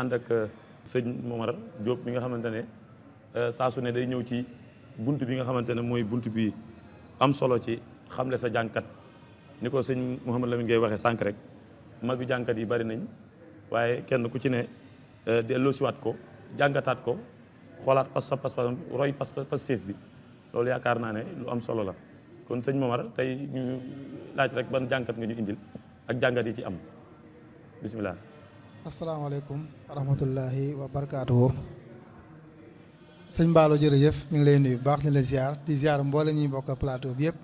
ànd ak sëñ Momar Diop mi nga xamante ne saa ne day ñëw ci bunt bi nga xamante ne mooy bunt bi am solo ci xamle sa jànkat ni ko sëñ Mouhamed Lamine ngay waxee sànq rek magu jànkat yi bari nañ waaye kenn ku ci ne delloosiwaat ko jàngataat ko xoolaat pas pas pas roy pas pas séef bi loolu yaakaar naa ne lu am solo la kon sëñ Momar tey ñu laaj rek ban jànkat nga ñu indil ak jàngat yi ci am bisimilah. asalaamaaleykum wa rahmatullahi wa barakaatuhu sëñ Mballo jërëjëf ñu ngi lay nuyu baax ñu la ziar di ziar mboole ñuy bokk plateau bi yëpp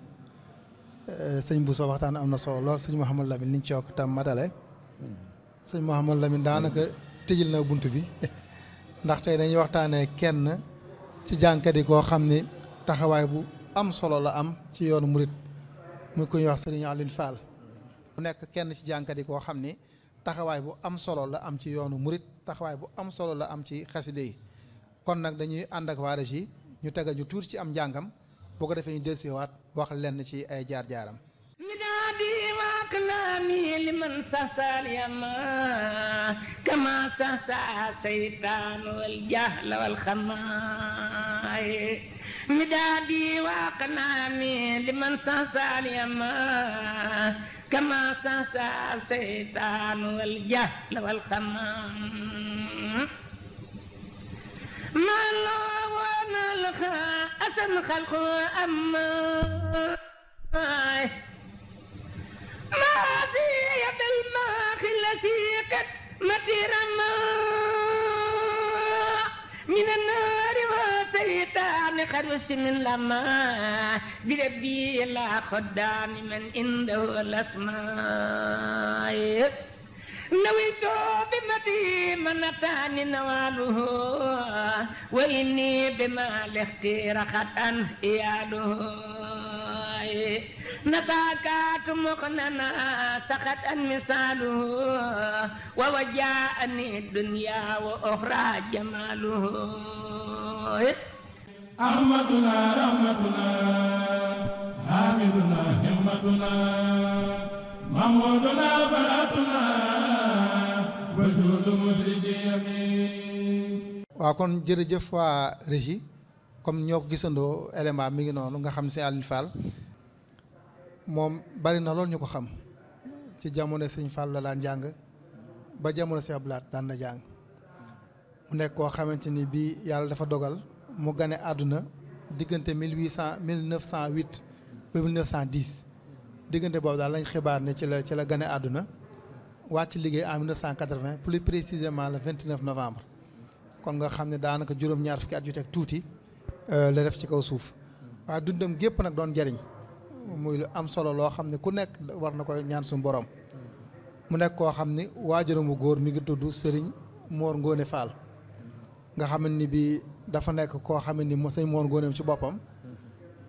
eh, sëñ Bousso waxtaan am na solo lool sëñ Mouhamadou Lamine ni ñu cook tam matale sëñ Mouhamadou Lamine daanaka tëjil na bunt bi ndax tey dañuy waxtaanee kenn ci jànkat koo xam ni taxawaay bu am solo la am ci yoonu murit muy ku ñuy wax sëriñ Alioune Fall mu nekk kenn ci jànkat koo xam ni taxawaay bu am solo la am ci yoonu murit taxawaay bu am solo la am ci xaside yi kon nag dañuy ànd ak waa régie ñu tegal ñu tuuti ci am njàngam boo ko defee ñu delsiwaat wax lenn ci ay jaar-jaaram كلامي لمن سسى اليما كما سسى الشيطان والجهل والخماي كما سعى الشيطان والجهل والخمام ما الله وما الخاسن خلقه أما ما في يد الماخ التي قد مترما من النار الهتام خرس من لما بربي لا خدام من عنده الأسماء نويت بمتي منتان نواله وإني بما الاختير خطأ إياله نساكات مغننا سخت مثاله ووجاءني الدنيا وأخرى جماله ahmaduna rahmatuna hamiduna himmatuna mahmuduna baratuna wajudu musridi amin waaw kon jërëjëf waa régie comme ñoo ko gisandoo élément mi ngi noonu nga xam si Aliou Fall moom bari na lool ñu ko xam ci jamono sëñ Fall la daan jàng ba jamono si Ablaat daan na jàng mu nekk koo xamante ni bii yàlla dafa dogal mu gane àdduna diggante mille huit cent mille neuf cent huit ba mille neuf cent diis diggante boobu daal lañ xibaar ne ci la ci la gane àdduna wàcc liggéey en mille neuf cent quatre-vingt plus précisément le vingt-neuf novembre kon nga xam ne daanaka juróom-ñaar fukki at yu teg tuuti euh, la def ci kaw suuf waaye dundam gépp nag doon jariñ muy lu am solo loo xam ne ku nekk war na koy ñaan sum borom mu nekk koo xam ni waajuram bu góor mi ngi tudd Serigne Mor Ngone Fall nga xam ni bi dafa nekk koo xam ne mo sëñ moon góoneem ci boppam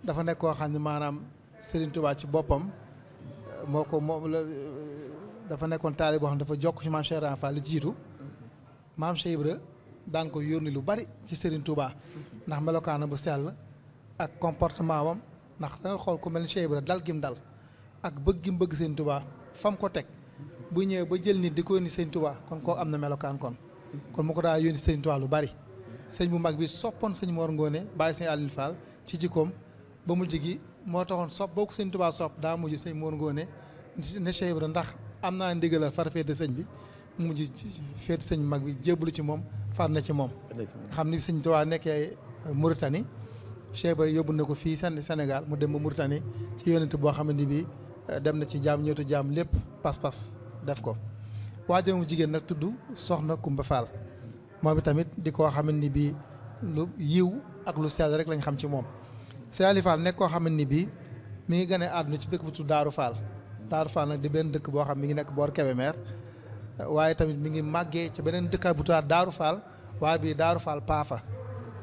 dafa nekk koo xam ne maanaam Serigne ci boppam moo ko dafa nekkoon taali boo xam ne dafa jokk ci maam Cheikh Ibra li jiitu maam Cheikh Ibra daan ko yónni lu bari ci Serigne Touba ndax melokaana bu sell ak comportement wam ndax da xool ku mel ni Cheikh Ibra dal gim dal ak bëgg gim bëgg Serigne Touba fam ko teg bu ñëwee ba jël nit di ko yónni Serigne Touba kon koo am na melokaan kon kon mu ko daa yónni Serigne Touba lu bari sëñ bu mag bi soppoon sëñ Mor Ngone bàyyi sëñ Alioune Fall ci jikkoom ba mu gi moo taxoon sopp boo ko sëñ Tuubaa sopp daa mujj sëñ Mor Ngone ne Cheikh Ibra ndax am naa ndigalal far féete sëñ bi mu mujj féete sëñ mag bi jébbalu ci moom far na ci moom xam ni sëñ Tuubaa nekkee Mauritanie Cheikh Ibra yóbbu na ko fii sen Sénégal mu dem ba Mauritanie ci yonent boo xamante bi eh, dem na ci jaam ñëwtu jaam lépp pas-pas def ko waajuram jigéen nag tudd Soxna Kumba Fall moom tamit di koo xamante ni bii lu yiw ak lu sell rek lañu xam ci moom Cheikh Ali nekk koo xamante ni bii mi ngi gën a àdduna ci dëkk bu tudd Daaru Fall nag di benn dëkk boo xam mi ngi nekk boor Kébémer waaye tamit mi ngi màggee ci beneen dëkk bu tudd Daaru Fall waaye bii Daaru paafa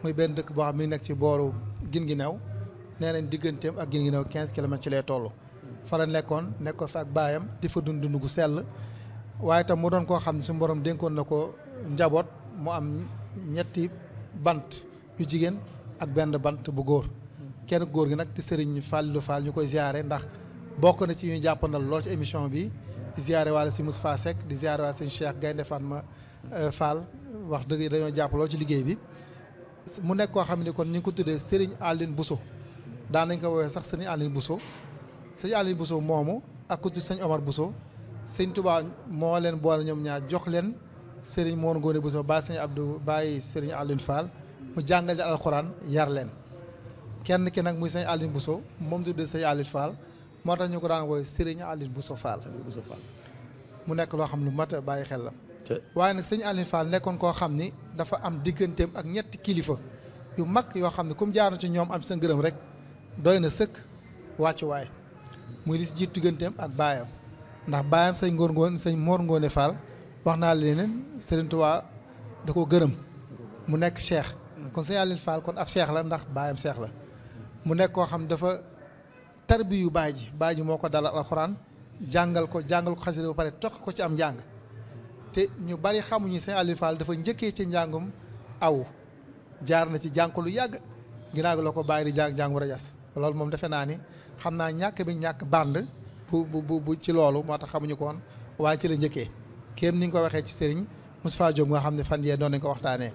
muy benn dëkk boo xam mi ngi nekk ci booru Guinguinéo nee nañ digganteem ak Guinguinéo 15 kilomètres ci lay toll fa la nekkoon nekkoo fa ak baayam di fa dund dund gu sell waaye tam mu doon koo xam ne su mboroom dénkoon na ko njaboot mu am ñetti bant yu jigéen ak benn bant bu góor kenn góor gi nag di sëriñ Fallou Fall ñu koy ziare ndax bokk na ci ñu jàppandal lool ci émission bi di ziare si Moustapha Seck di ziare wala sëñ Cheikh Gaynde Fatma euh, Fall wax dëgg dañoo jàpp ci liggéey bi mu nekk koo xam ne kon ñu ngi ko tuddee sëriñ Aline Bousso daan nañ koy woowee sax sëriñ Aline Bousso sëriñ Aline Bousso moomu ak ku tudd sëñ Omar Bousso sëñ Touba moo leen boole ñoom ñaar jox leen sëriñ Mor Ngoné Bousso bàyyi sëriñ Abdou bàyyi sëriñ Alioune Fall mu jàngal di alxuraan yar leen kenn ki nag muy sëriñ Alioune Bousso moom tuddee sëriñ Alioune Fall moo tax ñu ko daan woowee sëriñ Alioune Bousso Fall mu nekk loo xam lu mat bàyyi xel la waaye nag sëriñ Alioune Fall nekkoon koo xam ni dafa am digganteem ak ñetti kilifa yu mag yoo xam ne comme jaar ci ñoom am sa ngërëm rek doy na sëkk wàccuwaay muy li si jiit digganteem ak baayam ndax baayam sëñ Ngor sëñ Mor Ngoone wax naa leneen Serigne da ko gërëm mu nekk cheikh kon Serigne Aliou Fall kon ab cheikh la ndax baayam cheikh la mu nekk koo xam dafa tarbiyu baay ji baay ji moo ko dal alxuraan jàngal ko jàngal ko xasida ba pare toq ko ci am njàng te ñu bari xamuñu Serigne Aliou dafa njëkkee ci njàngum aw jaar na ci jàng lu yàgg ginnaaw gi la ko bàyyi di jàng jàng war loolu moom defe naa ni xam naa ñàkk bi ñàkk bànd bu bu bu ci loolu moo tax xamuñu ko woon waaye ci la njëkkee kéem ni nga ko waxee ci sëriñ Moustapha Diop nga xam ne fan yee doon nañ ko waxtaanee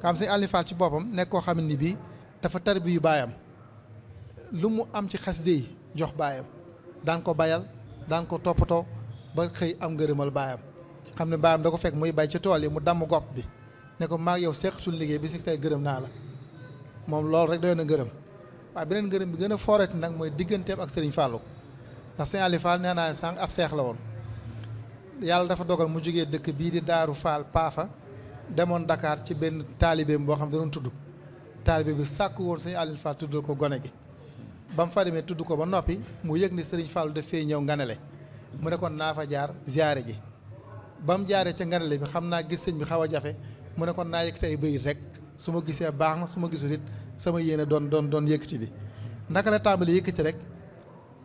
nga xam sëriñ ci boppam nekk koo xam ne bii dafa tarbi yu baayam lu mu am ci xaside yi jox baayam daan ko bayal daan ko toppatoo ba xëy am ngërëmal baayam xam ne baayam da ko fekk muy bay ci tool yi mu damm gopp bi ne ko maag yow seqatul liggéey bi si tey gërëm naa la moom loolu rek doy na gërëm waaye beneen gërëm bi gën a fooreeti nag mooy digganteem ak Serigne Fallou ndax Serigne Aliou nee naa sànq ab seex la woon yàlla dafa dogal mu jógee dëkk bii di Daaru Faal Paafa demoon Dakar ci benn taalibeem boo xam ne doon tudd taalibe bi sàkk woon sëñ Alioune Fall tuddal ko gone gi ba mu fa demee tudd ko ba noppi mu yëg ni sëriñ Fall daf fee ñëw nganale mu ne kon naa fa jaar ziare ji ba mu jaaree ca nganale bi xam naa gis sëñ bi xaw a jafe mu ne kon naa yëkkati ay bëyit rek su ma gisee baax na su ma gisul it sama yéene doon doon doon yëkkati bi naka la tàmbali yëkkati rek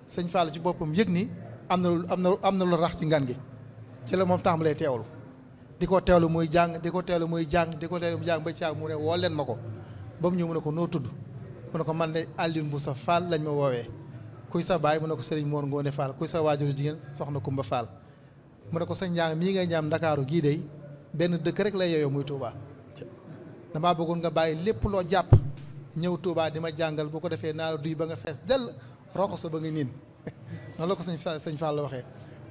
sëñ Fall ci boppam yëg ni am na am na am na lu rax ci ngan gi. ci la moom tàmbalee teewlu di ko teewlu muy jàng di ko teewlu muy jàng di ko teewlu muy jàng ba ci mu ne woo leen ma ko ba mu ñëw mu ne ko noo tudd mu ne ko man de bu Moussa Fall lañ ma woowee kuy sa baay mu ne ko Serigne Mor Ngone Fall kuy sa waajuru jigéen soxna Kumba Fall mu ne ko sa njàng mii ngay ñaam ndakaaru gii de benn dëkk rek lay yeeyoo muy Touba damaa bëggoon nga bàyyi lépp loo jàpp ñëw Touba di ma jàngal boo ko defee naa la duy ba nga fees dell roxo sa ba nga niin noonu la ko sëñ Fall sëñ Fall la waxee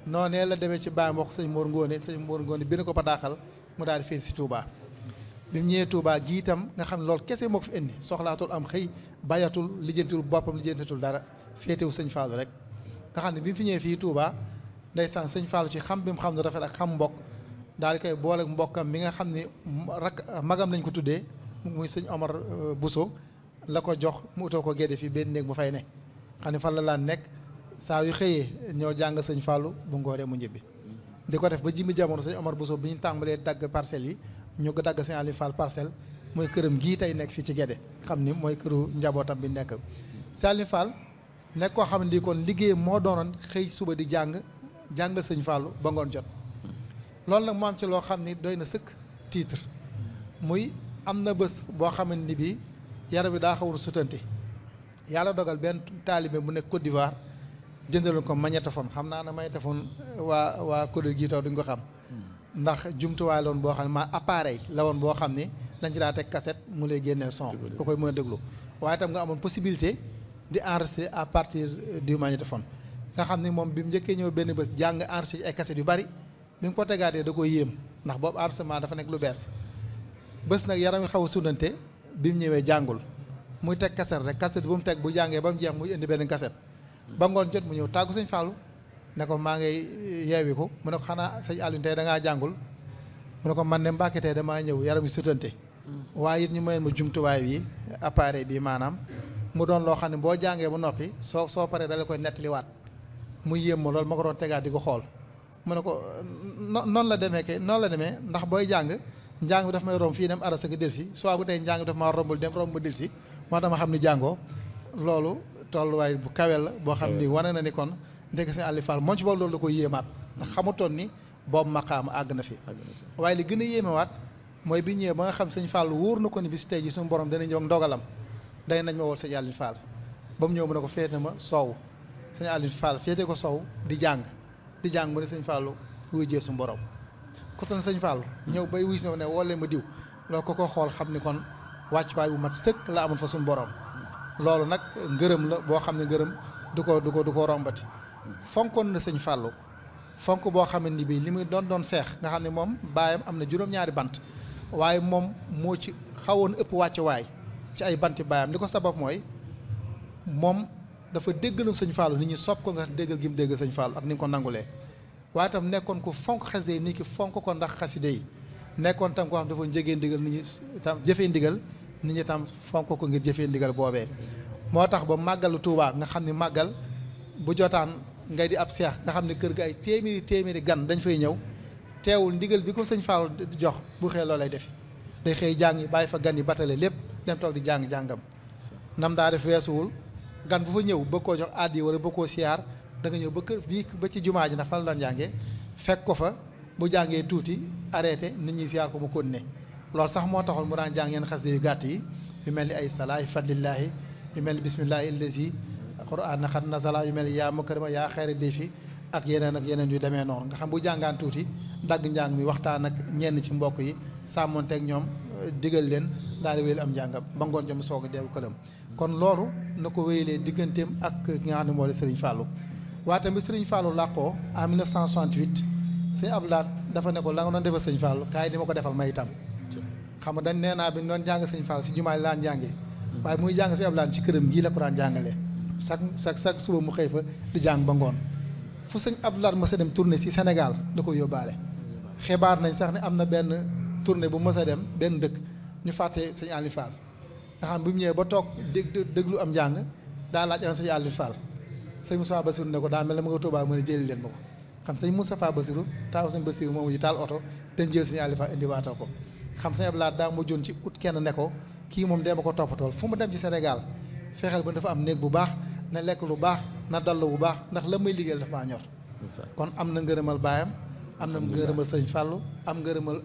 noonee la demee ci baam wax sëñ Mor Ngóone sëñ Mor Ngóone bi ne ko bataaxal mu daal di feeñ si Touba bi mu ñëwee Touba gii itam nga xam ne loolu kese moo fi indi soxlaatul am xëy bayatul lijjantiwul boppam lijjantitul dara féetewu sëñ Fallou rek nga xam ne bi mu fi ñëwee fii Touba ndeysaan sëñ Fallou ci xam bi mu xam ne rafet ak xam mbokk daal di koy boole mbokkam mi nga xam ne rak magam lañ ko tuddee muy sëñ Omar euh, Bousso la ko jox mu utoo ko gédde fii benn néeg bu fay ne xam fan la laan nekk saa yu xëyee ñoo jàng sëñ Fallou bu ngoo mu ñibbi di ko def ba jimi jamono sëñ Omar Bousso bi ñu tàmbalee dagg parcelle yi ñu ko dagg sëñ Aliou Fall parcelle mooy këram gii tey nekk fii ci Guédé xam ni mooy këru njabootam bi nekk sëñ Aliou nekk koo xam ne kon liggéey moo doonoon xëy suba di jàng jàngal sëñ Fallou ba ngoon jot loolu nag moo am ci loo xam ni doy na sëkk titre muy am na bés boo xamante ni bii yaram bi daa xawul sutanti yàlla dogal benn taalibe bu nekk Côte d'Ivoire jëndal ko magnétophone xam naa may magnétophone euh, waa waa kuréel gii taw duñ ko xam hmm. ndax jumtuwaay la woon boo xam ne maa appareil la woon boo xam ne dañ ci daa teg kaset mu lay génneel son ko koy mën a déglu waaye tam nga amoon possibilité di enregistrer à partir du magnétophone nga xam ne moom bi mu njëkkee ñëw benn bés jàng enregistré ay cassette yu bari bi mu ko tegaatee da koy yéem ndax boobu enregistrement dafa nekk lu bees bës nag yaram yi xaw a sundante ñëwee jàngul muy teg cassette rek cassette bu teg bu jàngee ba jeex muy indi benn cassette ba ngoon jot mu ñëw tàggu sëñ Fallou ne ko maa ngay yeewi ko mu ne ko xanaa sëñ Alioune tey da jàngul mu ne ko man ne Mbàkke tey damaa ñëw yaram yi sutante mm. waaye it ñu ma jumtuwaay bi appareil bi maanaam mu doon loo xam ne boo jàngee ba noppi soo soo paree dala koy nettaliwaat mu yéem ma loolu ma ko doon tegaat di ko xool mu ne ko noonu la demee kay noonu la demee ndax booy jàng njàng bi daf may romb fii dem arasa nga si soo bu tey njàng bi daf maa rombul dem romb ma delsi moo tax xam ne jàngoo loolu tolluwaay bu kawe la boo xam ni wane na ni kon ndekk sëñ Aliou Fall moom ci bool loolu la koy yéemaat ndax xamutoon ni boobu maqaama àgg na fi waaye li gën a yéemewaat mooy bi ñëwee ba nga xam sañ Fall wóor na ko ni bis tey ji suñu borom dana ñëw ak ndogalam day nañ ma wol sëñ Aliou Fall ba mu ñëw mu ne ko feete ma soow sëñ Aliou Fall féete ko soow di jàng di jàng mu ne sëñ Fall wujjee suñu borom ku tan sëñ Fall ñëw bay wuy si ne woo ma diw loo ko ko xool xam ni kon wàccuwaay bu mat sëkk la fa suñu borom loolu nag ngërëm la boo xam ne ngërëm du ko du ko du ko rombati fonkoon na sëñ Fallou fonk boo xam ne bii li muy doon doon seex nga xam ne moom baayam am na juróom-ñaari bant waaye moom moo ci xawoon ëpp wàcce waay ci ay banti baayam li ko sabab mooy moom dafa dégg déggaloon sëñ Fallou ni ñi sopp ko nga déggal gi mu dégg sëñ Fallou ak ni nga ko nangulee waaye itam nekkoon ku fonk xasee nit ki fonk ko ndax xaside yi nekkoon tam koo xam dafa njëgee ndigal tam jëfee nit ñi tam fonk ko ngir jëfee ndigal boobee moo tax ba màggalu Tuubaa nga xam ne màggal bu jotaan ngay di ab seex nga xam ne kër ga ay téeméeri téeméeri gan dañ fay ñëw teewul ndigal bi ko sëñ Fall jox bu xëy loo lay def day xëy jàng bàyyi fa gan yi batale lépp dem toog di jàng jàngam nam daa def weesuwul gan bu fa ñëw bëgg koo jox àddi wala bëgg koo siyaar da ñëw ba kër bii ba ci jumaa ji na fa la doon jàngee fekk ko fa bu jàngee tuuti arrêté nit ñi siyaar ko mu continuer loolu sax moo taxoon mu daan jàng yenn xasida yu gàtt yi yu mel ni ay salaa yu fadlillaahi yu mel ni bismillaahi illazi quraan xat nasala yu mel ni yaa mukarrama yaa xayra defi ak yeneen ak yeneen yu demee noonu nga xam bu jàngaan tuuti dagg njàng mi waxtaan ak ñenn ci mbokk yi teg ñoom digal leen daal di wéyal am njàngam ba ngoon jëm soog a deew këram kon loolu na ko wéyalee digganteem ak ki nga xam ne moo di sëriñ Fallou waaye tamit Serigne Fallou làqoo en 1968 Serigne dafa ne la nga doon defal Serigne Fallou kaay di ma ko defal may xam nga dañ nee naa bi ñu jàng sëñ faal si jumaa la daan jàngee waaye muy jàng si ablaan ci këram gii la ko daan jàngalee chaque chaque chaque suba mu xëy fa di jàng ba ngoon fu sëñ ab mës a dem tournée si Sénégal da ko yóbbaale xibaar nañ sax ne am na benn tournée bu mës dem benn dëkk ñu fàtte sëñ Aliou Fall nga xam bi mu ñëwee ba toog dég déglu am njàng daa laaj ana sëñ Aliou Fall sëñ Moussa Bassirou ne ko daa mel ne ma nga Tuubaa mu ne leen ma ko xam sëñ Moustapha Bassirou taaw sëñ Bassirou moomu ji taal oto dem jël sëñ Aliou Fall indiwaatoo ko xam sëñ Abdou Lahad daa mujjoon ci ut kenn ne ko kii moom dee ma ko toppatool fu mu dem ci Sénégal fexeel ba dafa am néeg bu baax na lekk lu baax na dallu bu baax ndax la may liggéeyal dafa maa ñor kon am na ngërëmal baayam am na ngërëmal sëñ Fàllu am ngërëmal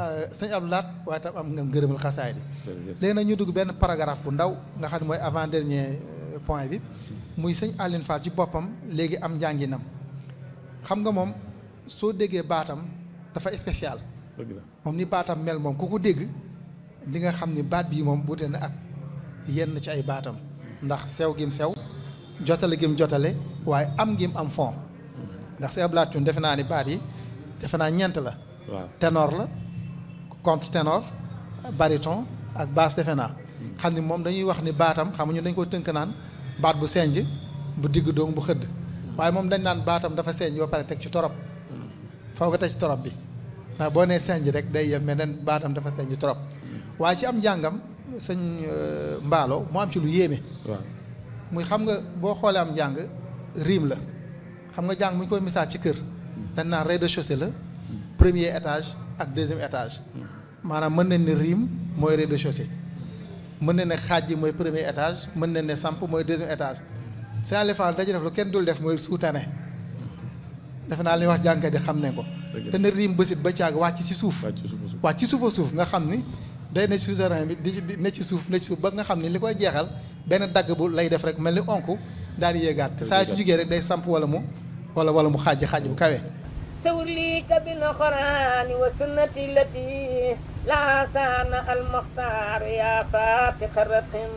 euh, sëñ Abdou Lahad waaye tam am nga ngërëmal xasaay bi léegi ñu dugg benn paragraphe bu ndaw nga xam ne mooy avant dernier euh, point bi muy sëñ Aline ci boppam léegi am njànginam xam nga moom soo déggee baatam dafa spécial moom ni baatam mel moom ku ko dégg di nga xam ni baat bii moom wute na ak yenn ci ay baatam ndax sew gim sew jotale gim jotale waaye am gim am fond ndax si ablaat cun defe naa ni yi defe naa ñeent la ténor la contre ténor bariton ak baas defe naa hmm. xam ni moom dañuy wax ni baatam xamuñu dañ ko tënk naan baat bu senj bu digg doom bu xëdd hmm. waaye moom dañ naan baatam dafa senj ba pare teg ci torop hmm. faw nga teg ci torop bi ndax boo nee senj rek day yem mais ren baatam dafa senj trop waaye ci am njàngam sëñ euh, mbaalo mu am ci lu yéeme muy xam nga boo xoolee am njàng riim la xam nga jàng mu ñu koy misaal ci kër dañ naan rez-de-chaussée la premier étage ak deuxième étage maanaam mën nañ ne riim mooy rez-de-chaussée mën na ne xaaj ji mooy premier étage mën na ne samp mooy deuxième étage seen alifaan dañu def lu kenn dul def mooy terrain defe naa li wax jànkat yi xam ne ko dana riim bësit ba caag wàcc ci suuf wàcc ci suufa suuf nga xam ni day ne ci souterrain bi di ne ci suuf ne ci suuf ba nga xam ni li koy jeexal benn dagg bu lay def rek mel ni onk daa di yéegaat saa su jugee rek day samp wala mu wala wala mu xaaj xaaj bu kawe sawur lii ka bil wa sunnati lati laa saana al muxtaar yaa faatixa raxim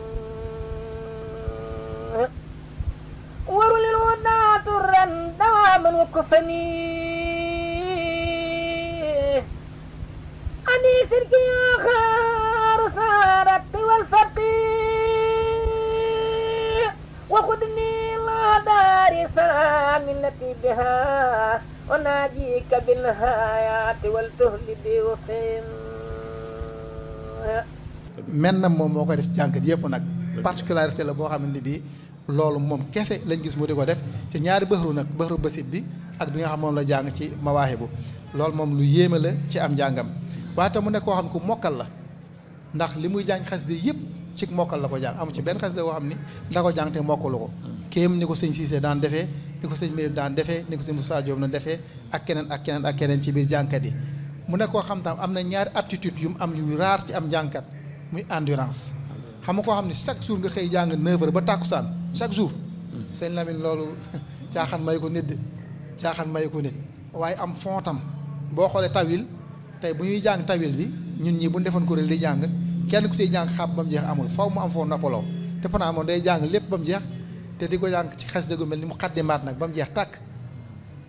warul hudaa turan dawaaman wa kufani men na moom moo koy def jànkat yëpp nag particularité la boo xamante ni bii loolu moom kese lañ gis mu di ko def ci ñaari bëxru nag bëxru basit bi ak bi nga xam moom la jàng ci mawaahibu loolu moom lu yéeme la ci am njàngam waaye mu nekk koo xam ne ku mokkal la ndax li muy jàng xasida yëpp ci mokkal la ko jàng amu ci benn xasida koo xam ni da ko jàng te mokkalu ko kéem ni ko sëñ Cissé daan defee ni ko sëñ Mbaye daan defee ni ko sëñ Moussa na defee ak keneen ak keneen ak keneen ci biir jànkat yi mu nekk xam tam am na ñaari aptitude yu mu am yu raar ci am jànkat muy endurance xam nga koo xam ne chaque jour nga xëy jàng 9 heures ba saan chaque jour seen Lamine loolu caaxaan may ko nit caaxaan may ko nit waaye am fontam boo xoolee tawil tey bu ñuy jàng tawil bi ñun ñi bu ñu defoon kuréel di jàng kenn ku ciy jàng xab ba mu jeex amul faw mu am foo noppaloo te panaa moom day jàng lépp ba mu jeex te di ko jàng ci xes dëggu mel ni mu xaddimaat nag ba mu jeex tàkk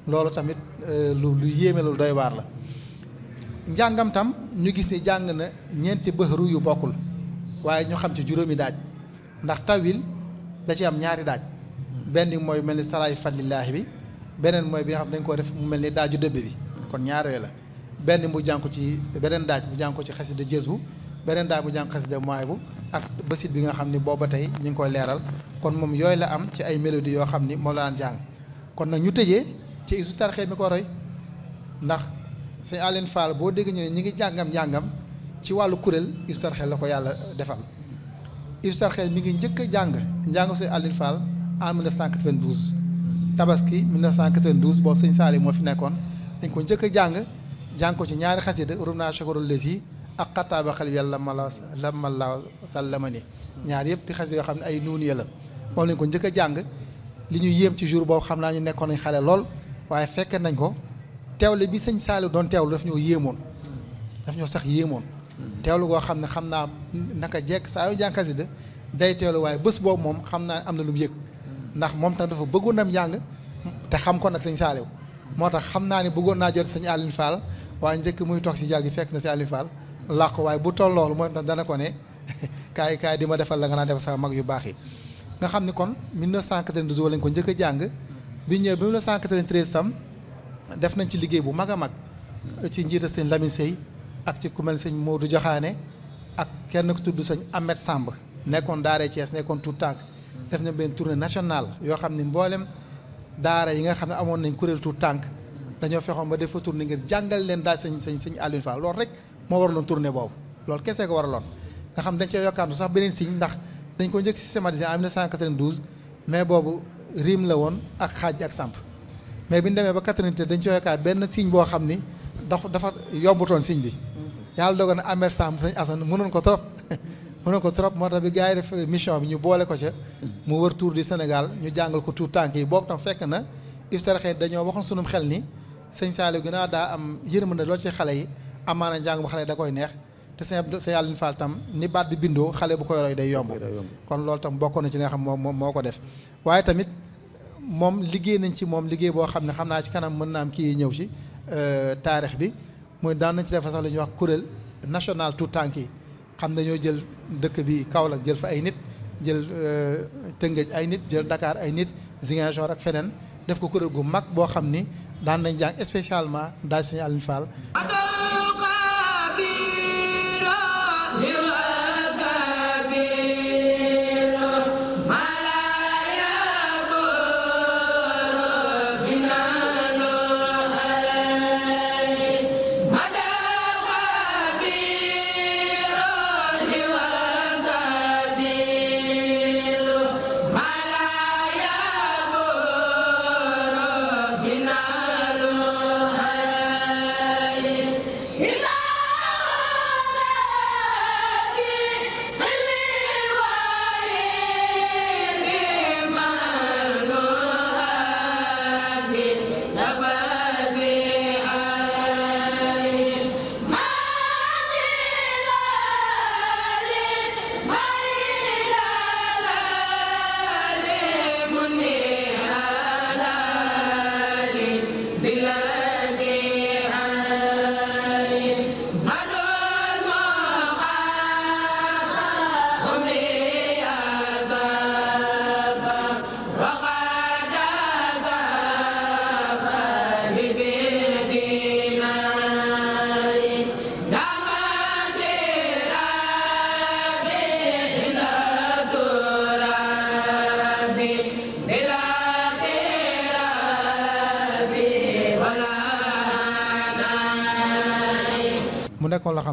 loolu tamit euh, lu lu yéeme lu doy waar la njàngam tam ñu gis ni jàng na ñeenti bëxëru yu bokkul waaye ñu xam ci juróomi daaj ndax tawil da ci am ñaari daaj benn mooy mel ni salaayu fadlilaahi bi beneen mooy bi nga xam dañ koo def mu mel ni daaju dëbb bi kon ñaaree la benn mu jàng ko ci beneen daaj mu jàng ko ci xasida jës bu beneen daaj mu jàng xasida maay bu ak basit bi nga xam ni booba tey ñu ngi koy leeral kon moom yooyu la am ci ay mélodie yoo xam ni moo la daan jàng kon nag ñu tëjee ci isu tarxee mi ko roy ndax sëñ Aline Fall boo dégg ñu ne ñi ngi jàngam jàngam ci wàllu kuréel isu tarxee la ko yàlla defal isu tarxee mi ngi njëkk a jàng njàng sëñ Aline Fall en 1992 tabaski 1992 boobu sëñ Saali moo fi nekkoon dañ ko njëkk a jàng jàng ko ci ñaari xasida urub naa chakarul les yi ak xattaaba xel yàlla ma la la ma la sàllama ñaar yëpp di xasida yoo xam ne ay nuuniya la moom lañ ko njëkk a jàng li ñu yéem ci jour boobu xam naa ñu nekkoon xale lool waaye fekk nañ ko teewle bi sëñ Saliou doon teewlu daf ñoo yéemoon daf ñoo sax yéemoon teewlu koo xam ne xam naa naka jekk saa yu jàng xasida day teewlu waaye bés boobu moom xam naa ne am na lu mu yëg ndax moom tam dafa bëggoon nam jàng te xam ko nag sëñ Saliou moo tax xam naa ne bëggoon naa jot sëñ Aline Fall waaye njëkk muy toox si jal gi fekk na si Aliou Fall làq waaye bu toll loolu mooy dana ko ne kaay kaay di ma defal la nga naan defal sama mag yu baax yi. nga xam ne kon 1992 lañ ko njëkk jàng bi ñëwee ba 1993 tam def nañ ci liggéey bu mag a mag ci njiita sëñ Lamine Sey ak ci ku mel sëñ du Joxaane ak kenn ku tudd sëñ Ahmed Samb nekkoon Daara Thiès nekkoon tout tànk def nañ benn tournée nationale yoo xam ni mboolem Daara yi xam ne amoon nañ kuréel tout tànk dañoo fexoon ba def fa tournée ngir jàngal leen daal sëñ sëñ sëñ Alioune Fall loolu rek moo waraloon tournée boobu loolu kese ko waraloon nga xam dañ cee yokkaantu sax beneen signe ndax dañ ko njëkk systématisé en 1992 mais boobu riim la woon ak xaaj ak samp mais bi ñu demee ba 93 dañ cee yokkaat benn signe boo xam ni dafa dafa yombutoon siñ bi yàlla dogal na amer samp sëñ Assane mënoon ko trop mënoon ko trop moo tax bi gars yi mission bi ñu boole ko ca mu wër tour du Sénégal ñu jàngal ko tuur tànk yi boobu tam fekk na iftaraxee dañoo waxoon sunum xel ni sëñ Saliou gën a daa am yërmande lool ci xale yi amaana njàng bu xale da koy neex te sëñ sëñ Alioune Fall tam ni baat bi bindoo xale bu ko roy day yomb kon loolu tam bokkoon na ci li nga xam moo moo ko def waaye tamit moom liggéey nañ ci moom liggéey boo xam ne xam naa ci kanam mën naa am kii ñëw ci euh, taarix bi muy daan nañ ci defa sax lu ñuy wax kuréel national tout tànk yi xam ne jël dëkk bi Kaolack jël fa ay nit jël euh, Tëngéej ay nit jël Dakar ay nit Ziguinchor ak feneen def ko kuréel gu mag boo xam ni daan nañ jàng spécialement daaj Sëñ Alioune Fall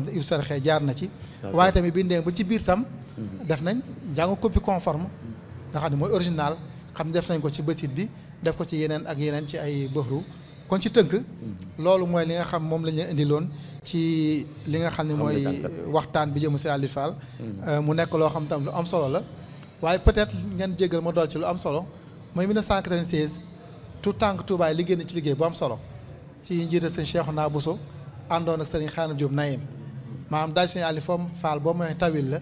xam ne if jaar na ci waaye tamit bindee ba ci biir tam mhm. def nañ njàngu copie conforme nga xam ne mooy original xam ne def nañ ko ci basit bi def ko ci yeneen ak yeneen ci ay bëxru kon ci tënk mhm. loolu mooy li nga xam moom la ñu indiloon ci li nga xam ne mooy waxtaan bi jëm si Aliou Fall mhm. euh, mu nekk loo xam tam lu am solo la waaye peut-être ngeen jéggal ma dool ci lu am solo mooy 1996 tout tànk Touba liggéey na ci liggéey bu am solo ci njiital sëñ Cheikhouna Bousso àndoon ak sëriñ Xaanam Diop Nayeen maanaam daaj sëñ Aliou foom faal boo mooy tawil la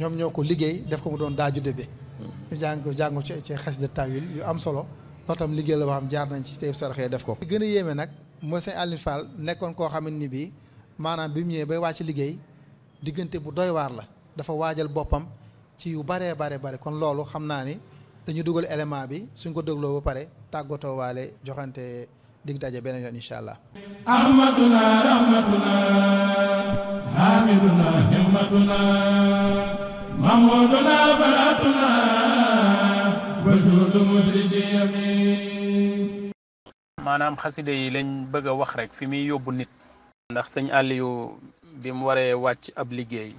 ñoom ñoo ko liggéey def ko mu doon daaju debe ñu jàng ko ci ci xes de tawil yu am solo loolu tam liggéey la boo xam jaar nañ ci tey saraxee def ko. gën a yéeme nag mooy sëñ Aliou Fall nekkoon koo xam ni bii maanaam bi mu ñëwee bay wàcc liggéey diggante bu doy waar la dafa waajal boppam ci yu baree bare bare kon loolu xam naa ni dañu dugal élément bi suñ ko dégloo ba pare tàggatoo waale joxante. dig daje beneen yoon incha allah. ahmaduna rahmatuna hamiduna himmatuna mahmuduna baratuna wajudu musridi amin maanaam xaside yi lañ bëgg a wax rek fi muy yóbbu nit. ndax sëñ Aliou bi mu waree wàcc ab liggéey.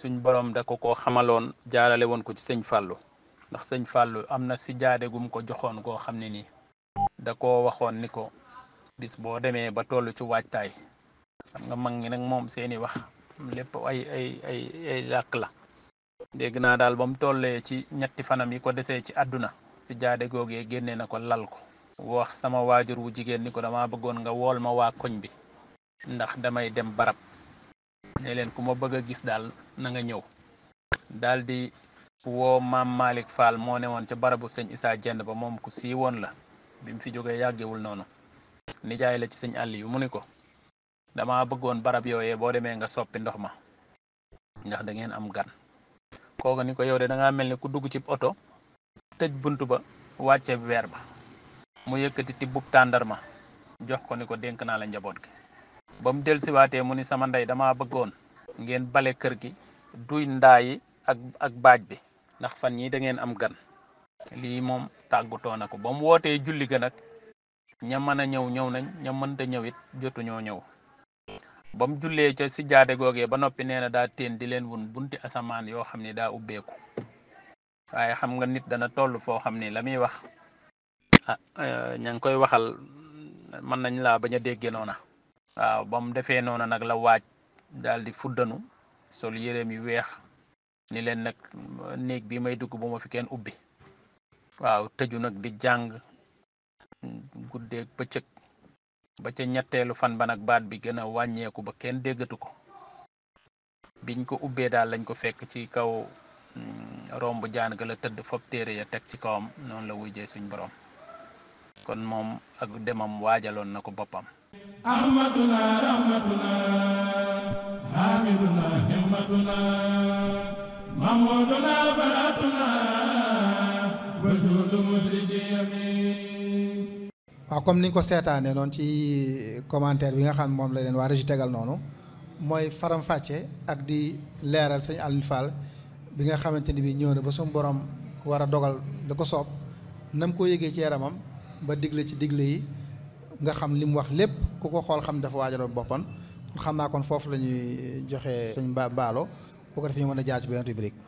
suñ borom da ko koo xamaloon jaarale woon ko ci sëñ Fallou ndax sëñ Fallou am na si jaade gum ko joxoon koo xam ne nii. da koo waxoon ni ko bis boo demee ba toll ci waajtaay xam nga mag ñi nag moom seeni wax lépp ay ay làkk la dégg naa daal ba tollee ci ñetti fanam yi ko desee ci àdduna ci jaade googee génne na ko lal ko wax sama waajur wu jigéen ni ko dama bëggoon nga wool ma waa koñ bi ndax damay dem barab ne leen ku ma bëgg a gis daal na nga ñëw daal di woo maam Malick Fall moo ne woon ca barabu sëñ Issa Dieng ba moom ku siiwoon la bi mu fi jógee yàggewul noonu nijaay la ci sañ àll yu mu ni ko dama bëggoon barab yooyee boo demee nga soppi ndox ma ndax da ngeen am gan kooku ni ko yow de da ngaa mel ni ku dugg ci oto tëj bunt ba wàcce weer ba mu yëkkati tibbub tàndarma jox ko ni ko dénk naa la njaboot gi ba mu dellusiwaatee mu ni sama ndey dama bëggoon ngeen bale kër gi duy ndaa yi ak baaj bi ndax fan ñi da ngeen am gan lii moom tàggatoo na ko ba mu wootee julli ga nag ña mën a ñëw ñëw nañ ña mënta ñëw jotuñoo ñaw ba mu jullee ca si jaade googee ba noppi nee na daa teen di leen wun bunti asamaan yoo xam ne daa ubbeeku waaye xam nga nit dana toll foo xam ne la muy wax ah eh, ña ngi koy waxal mën nañ laa bañ a déggee noona waaw ba mu defee noona nag la waaj daal di fuddanu sol yéreem yu weex ni leen nag néeg bi may dugg bu ma fi kenn ubbi waaw tëju nag di jàng guddeeg bëccëg ba ca ñetteelu fan ba nag baat bi gën wàññeeku ba kenn déggatu ko biñ ko ubbee daal lañ ko fekk ci kaw mm, romb jaan ga la tëdd fop téere ya teg ci kawam noonu la wujjee suñ boroom kon moom ak demam waajaloon na ko boppam ahmaduna rahmatuna hamiduna himmatuna waaw comme ni ko seetaanee noonu ci commentaire bi nga xam moom la leen waa régi tegal noonu mooy faramfàcce ak di leeral sëñ Alioune Fall bi nga xamante ni bi ñëw na ba suñu borom war a dogal da ko soob nam ko yëgee ci yaramam ba digle ci digle yi nga xam li mu wax lépp ku ko xool xam dafa waajaloon boppam xam naa kon foofu la ñuy joxe suñ ba baalo bu ko defee ñu mën a jaar ci benn rubrique